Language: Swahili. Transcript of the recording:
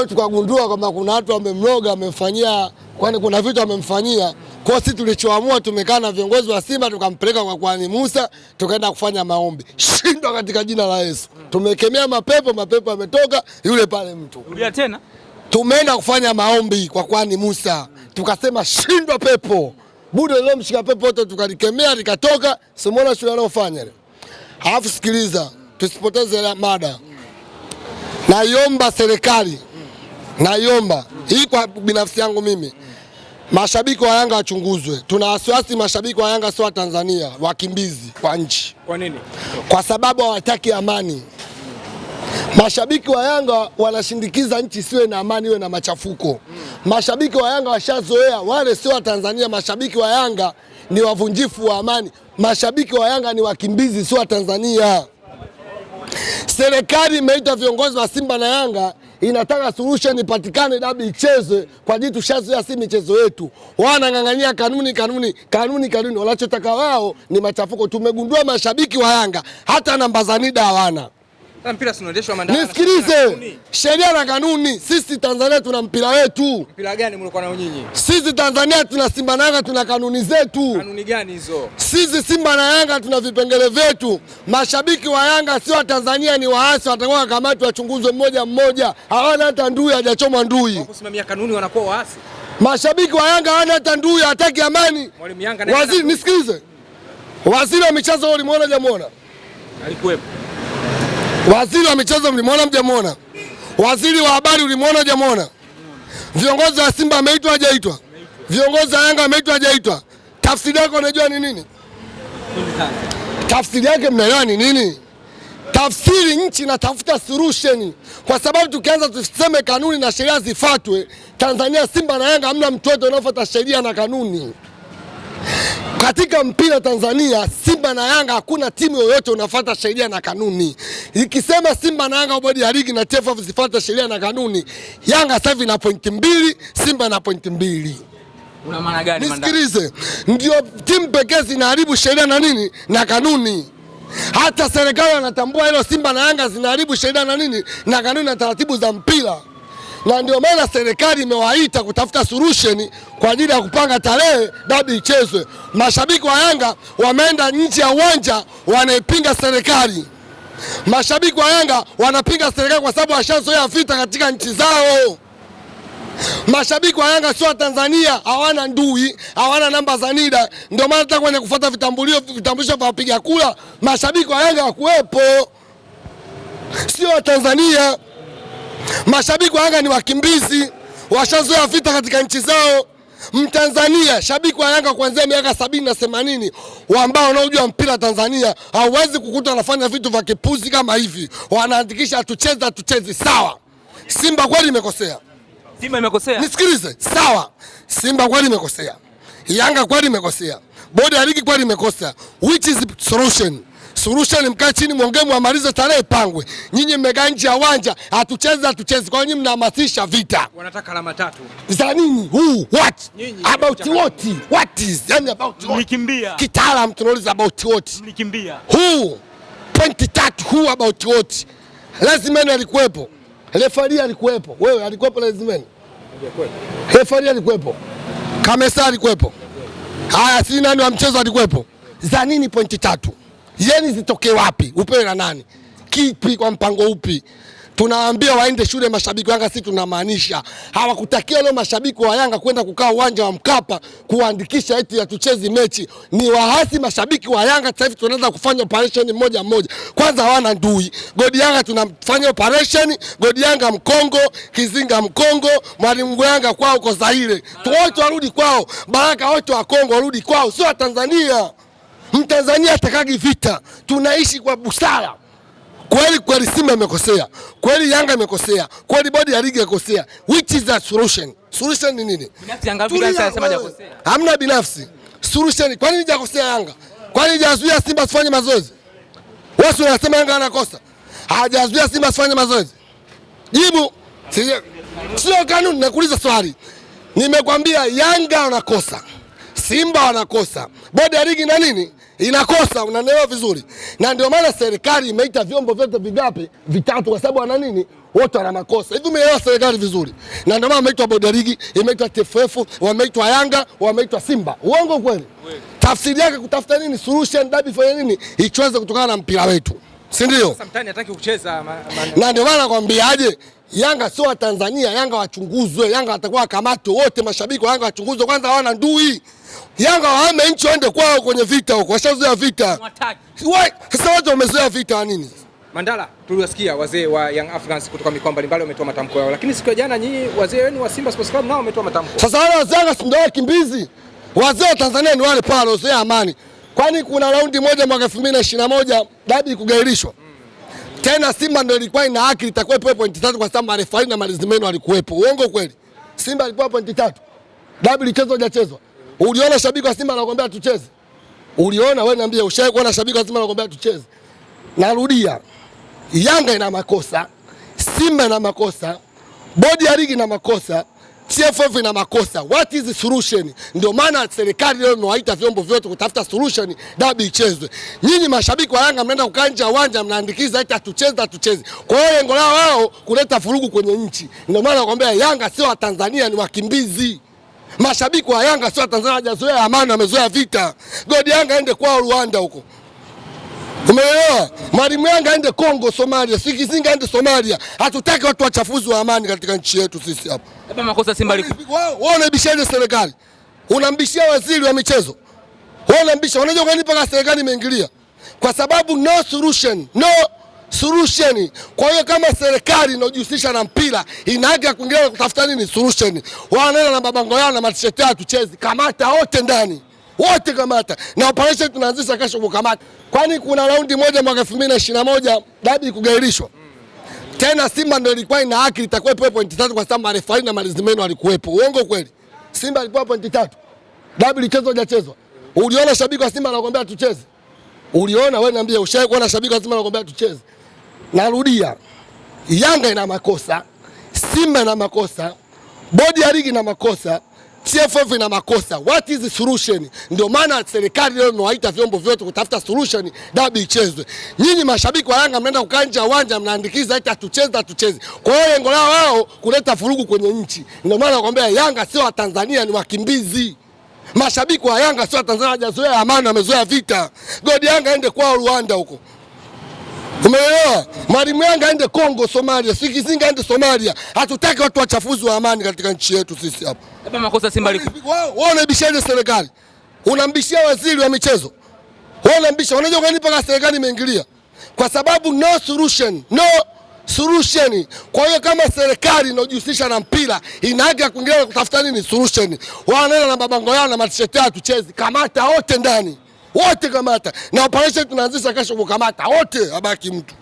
hiyo tukagundua kwamba kuna watu wamemloga, amemfanyia, kwani kuna vitu amemfanyia. Kwa sisi tulichoamua, tumekaa na viongozi wa Simba tukampeleka kwa kwani Musa, tukaenda kufanya maombi, shindwa katika jina la Yesu. Tumekemea mapepo, mapepo ametoka yule pale mtu. Rudia tena. Tumeenda kufanya maombi kwa kwani Musa, tukasema shindwa pepo. bude leo mshika pepo wote tukalikemea likatoka, simuona shule anayofanya leo. Alafu sikiliza, tusipoteze mada. Naiomba serikali naiomba hii kwa binafsi yangu mimi, mashabiki wa Yanga wachunguzwe. Tuna wasiwasi mashabiki wa Yanga sio wa Tanzania, wakimbizi wa nchi. Kwa nini? Kwa sababu hawataki amani. Mashabiki wa Yanga wanashindikiza nchi siwe na amani, iwe na machafuko. Mashabiki wa Yanga washazoea, wale sio wa Tanzania. Mashabiki wa Yanga ni wavunjifu wa amani. Mashabiki wa Yanga ni wakimbizi, sio wa Tanzania. Serikali imeita viongozi wa Simba na Yanga inataka solution ipatikane, dabi ichezwe kwa jitu tushazoea si michezo yetu. Wanang'ang'ania kanuni kanuni kanuni kanuni, wanachotaka wao ni machafuko. Tumegundua mashabiki wa Yanga hata namba za NIDA hawana. Nisikilize, sheria na kanuni. Sisi Tanzania tuna mpira wetu. Mpira gani mlikuwa nao nyinyi? Sisi Tanzania tuna Simba na Yanga, tuna kanuni zetu. Kanuni gani hizo? Sisi Simba na Yanga tuna vipengele vyetu. Mashabiki wa Yanga sio wa Tanzania, ni waasi, watakuwa kamati wachunguzwe mmoja mmoja. Hawana hata ndui, hajachomwa ndui. Kwa kusimamia kanuni wanakuwa waasi. Mashabiki wa Yanga hawana hata ndui, hataki amani. Waziri, nisikilize, waziri wa michezo limeona jamuona. alikuwepo Waziri wa michezo mlimwona, mjamwona? Waziri wa habari ulimwona, hujamwona? Viongozi wa Simba ameitwa, hajaitwa? Viongozi wa Yanga ameitwa, hajaitwa? Tafsiri yake unajua ni nini? Tafsiri yake mnaelewa ni nini? Tafsiri, nchi natafuta solution, kwa sababu tukianza tuseme kanuni na sheria zifuatwe Tanzania, Simba na Yanga hamna mtoto anaofuata sheria na kanuni. Katika mpira Tanzania, Simba na Yanga hakuna timu yoyote unafuata sheria na kanuni. Ikisema Simba na Yanga, bodi ya ligi na TFF zifuata sheria na kanuni, Yanga sasa hivi na pointi mbili, Simba na pointi mbili. Una maana gani? Nisikilize, ndio timu pekee zinaharibu sheria na nini na kanuni. Hata serikali anatambua hilo, Simba na Yanga zinaharibu sheria na nini na kanuni na taratibu za mpira na ndio maana serikali imewaita kutafuta solution kwa ajili ya kupanga tarehe dabi ichezwe. Mashabiki wa Yanga wameenda nje ya uwanja wanaipinga serikali. Mashabiki wa Yanga wanapinga serikali kwa sababu washazoea vita katika nchi zao. Mashabiki wa Yanga sio wa Tanzania, hawana ndui, hawana namba za NIDA. Ndio maana hata kwenye kufuata vitambulio vitambulisho vya wapiga kura mashabiki wa Yanga wakuwepo, sio wa Tanzania. Mashabiki wa Yanga ni wakimbizi, washazoea vita katika nchi zao. Mtanzania shabiki wa Yanga kuanzia miaka sabini na themanini ambao wanaojua mpira Tanzania, hauwezi kukuta wanafanya vitu vya kipuzi kama hivi, wanaandikisha hatuchezi, hatuchezi. Sawa, Simba kweli imekosea, Simba imekosea, nisikilize. Sawa, Simba kweli imekosea, Yanga kweli imekosea, bodi ya ligi kweli imekosea, Which is solution solution mkae chini mwongee mwamalize tarehe pangwe. Nyinyi mmekaa nje ya uwanja, hatuchezi hatuchezi. Kwa hiyo nyinyi mnahamasisha vita. Wanataka alama tatu. Za nini? Who? What? About what? What is? Yaani about what? Mlikimbia. Kitaalam tunauliza about what? Mlikimbia. Who? Pointi tatu who about what? Lazima alikuwepo. Refari alikuwepo. Wewe alikuwepo lazima. Refari alikuwepo. Kamesa alikuwepo. Haya, si nani wa mchezo alikuwepo? Za nini pointi tatu? Yeni zitoke wapi? Upewe na nani? Kipi? Kwa mpango upi? Tunaambia waende shule mashabiki wa Yanga, si tunamaanisha hawakutakia leo mashabiki wa Yanga kwenda kukaa uwanja wa Mkapa kuandikisha eti hatuchezi mechi. Ni wahasi mashabiki wa Yanga. Sasa hivi tunaanza kufanya operation moja moja. Kwanza hawana ndui godi Yanga, tunafanya operation godi Yanga Mkongo, Kizinga Mkongo, mwalimu Yanga kwao kwa Zaire, wote warudi kwao, Baraka wote wa Kongo warudi kwao, sio Tanzania. Mtanzania atakagi vita, tunaishi kwa busara. Kweli kweli, Simba imekosea kweli, Yanga imekosea kweli, bodi ya ligi imekosea. Which is the solution? Solution ni nini? Hamna binafsi. Solution kwa nini jakosea Yanga? Kwa nini jazuia Simba asifanye mazoezi? Watu wanasema Yanga anakosa, hajazuia Simba asifanye mazoezi. Jibu sio kanuni. Nakuuliza swali, nimekwambia Yanga wanakosa, Simba wanakosa, bodi ya ligi na nini inakosa, unanielewa vizuri. Na ndio maana serikali imeita vyombo vyote vigapi? Vitatu, kwa sababu wana nini? Wote wana makosa. Hivi umeelewa serikali vizuri? Na ndio maana imeitwa bodi ya ligi, imeitwa TFF, wameitwa Yanga, wameitwa Simba. Uongo kweli? Tafsiri yake kutafuta nini? Solution dabi fanya nini? Ichweze kutokana na mpira wetu. Si ndio? Na ndio maana nakwambia aje, Yanga sio wa Tanzania, Yanga wachunguzwe, Yanga watakuwa wakamatwe wote, mashabiki wa Yanga wachunguzwe kwanza, hawana ndui Yanga wahame nchi waende kwao kwenye vita huko, washazoea vita. Sasa watu wamezoea vita nini? Mandala, tuliwasikia wazee wa Young Africans kutoka mikoa mbalimbali wametoa matamko yao, lakini siku ya jana nyinyi wazee wenu wa Simba Sports Club nao wametoa matamko. Sasa wale wazee wa Simba wakimbizi, wazee wa Tanzania ni wale pale wazee amani, kwani kuna raundi moja mwaka 2021 dabi kugairishwa mm. tena Simba ndio ilikuwa ina haki, itakuwepo pointi 3 kwa sababu marefari na malizimeno alikuwepo. Uongo kweli? Simba alikuwa pointi tatu, dabi ilichezwa hajachezwa Uliona shabiki wa Simba anakuambia tucheze? Uliona wewe, niambie, ushawahi kuona shabiki wa Simba anakuambia tucheze? Narudia, Yanga ina makosa, Simba ina makosa, bodi ya ligi ina makosa, TFF ina makosa. What is the solution? Ndio maana serikali leo inawaita vyombo vyote kutafuta solution, dabi ichezwe. Nyinyi mashabiki wa Yanga mnaenda kukaa nje ya uwanja, mnaandikiza eti hatucheze, hatucheze. Kwa hiyo lengo lao wao kuleta furugu kwenye nchi. Ndio maana nakwambia Yanga sio wa Tanzania, ni wakimbizi. Mashabiki wa Yanga sio Tanzania, hajazoea amani, amezoea vita. Godi Yanga aende kwao Rwanda huko, umeelewa? Mwalimu Yanga aende Kongo, Somalia, Sikizinga aende Somalia. Hatutaki watu wachafuzi wa amani katika nchi yetu sisi hapa. Hapa makosa Simba liko wao. Unaibishaje serikali? Unambishia waziri wa michezo, wao unambisha. Unajua kwa nini paka serikali imeingilia? Kwa sababu no solution, no solution. Kwa hiyo kama serikali inajihusisha na mpira ina kuingia kutafuta nini solution. Wanaenda na mabango yao na matisheti yao, tucheze, kamata wote ndani wote, kamata na operation tunaanzisha kesho kukamata, kwani kuna raundi moja mwaka 2021 dabi kugairishwa tena. Simba ndio ilikuwa ina haki, itakuwa ipewe pointi tatu kwa sababu marefari na malizimeno alikuwepo. Uongo kweli? Simba alipewa pointi tatu, dabi ilichezwa, jachezwa. Uliona shabiki wa Simba anakuambia tucheze? Uliona wewe? Niambie, ushawahi kuona shabiki wa Simba anakuambia tucheze? Narudia, Yanga ina makosa, Simba ina makosa, bodi ya ligi ina makosa, TFF ina makosa. What is the solution? Ndio maana serikali leo imewaita vyombo vyote kutafuta solution, dabi ichezwe. Nyinyi mashabiki wa Yanga mnaenda kukaa nje ya uwanja, mnaandikiza eti hatucheze, hatucheze. Kwa hiyo lengo lao wao kuleta furugu kwenye nchi. Ndio maana nakwambia Yanga sio wa Tanzania, ni wakimbizi. Mashabiki wa Yanga sio wa Tanzania, hajazoea amani, amezoea vita. Godi Yanga aende kwao Rwanda huko. Umeelewa? Mwalimu Yanga aende Kongo, Somalia, Sikizinga aende Somalia. Hatutaki watu wachafuzi wa amani katika nchi yetu sisi hapa. Hapa makosa Simba liko. Wewe unaibishaje serikali? Unambishia waziri wa michezo. Wewe unambisha, unajua kwa nini mpaka serikali imeingilia? Kwa sababu no solution, no solution. Kwa hiyo kama serikali inajihusisha na mpira, inaaga kuingilia kutafuta nini solution. Wanaenda na mabango yao na matisheti yao tucheze. Kamata wote ndani wote kamata na operation tunaanzisha kesho, kukamata wote, abaki mtu